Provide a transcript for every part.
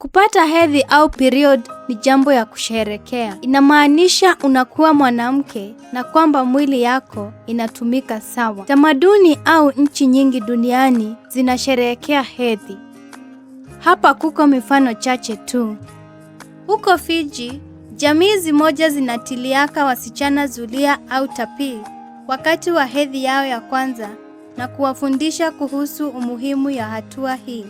Kupata hedhi au period ni jambo ya kusherekea. Inamaanisha unakuwa mwanamke na kwamba mwili yako inatumika sawa. Tamaduni au nchi nyingi duniani zinasherehekea hedhi. Hapa kuko mifano chache tu. Huko Fiji, jamii zimoja zinatiliaka wasichana zulia au tapii wakati wa hedhi yao ya kwanza na kuwafundisha kuhusu umuhimu ya hatua hii.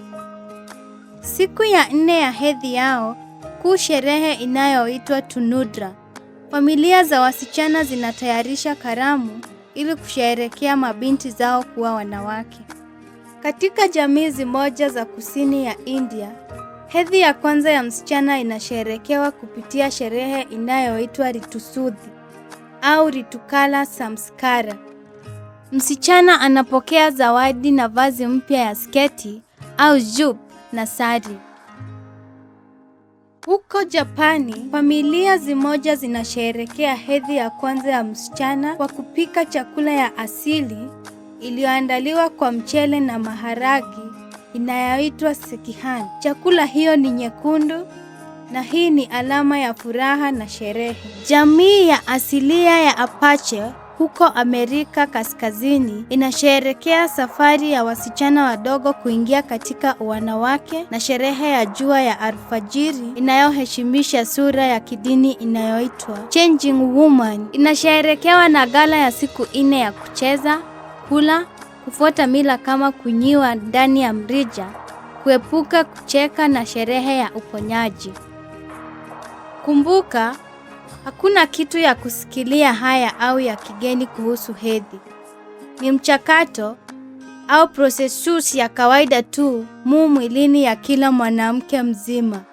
Siku ya nne ya hedhi yao kuu, sherehe inayoitwa tunudra, familia za wasichana zinatayarisha karamu ili kusherekea mabinti zao kuwa wanawake. Katika jamii zimoja za kusini ya India, hedhi ya kwanza ya msichana inasherekewa kupitia sherehe inayoitwa ritusudhi au ritukala samskara. Msichana anapokea zawadi na vazi mpya ya sketi au jupe nasari. Huko Japani, familia zimoja zinasherehekea hedhi ya kwanza ya msichana kwa kupika chakula ya asili iliyoandaliwa kwa mchele na maharagi inayoitwa sekihan. Chakula hiyo ni nyekundu na hii ni alama ya furaha na sherehe. Jamii ya asilia ya Apache huko Amerika Kaskazini inasherekea safari ya wasichana wadogo kuingia katika wanawake na sherehe ya jua ya alfajiri inayoheshimisha sura ya kidini inayoitwa Changing Woman. Inasherekewa na gala ya siku nne ya kucheza, kula, kufuata mila kama kunyiwa ndani ya mrija, kuepuka kucheka na sherehe ya uponyaji. Kumbuka Hakuna kitu ya kusikilia haya au ya kigeni kuhusu hedhi. Ni mchakato au processus ya kawaida tu mu mwilini ya kila mwanamke mzima.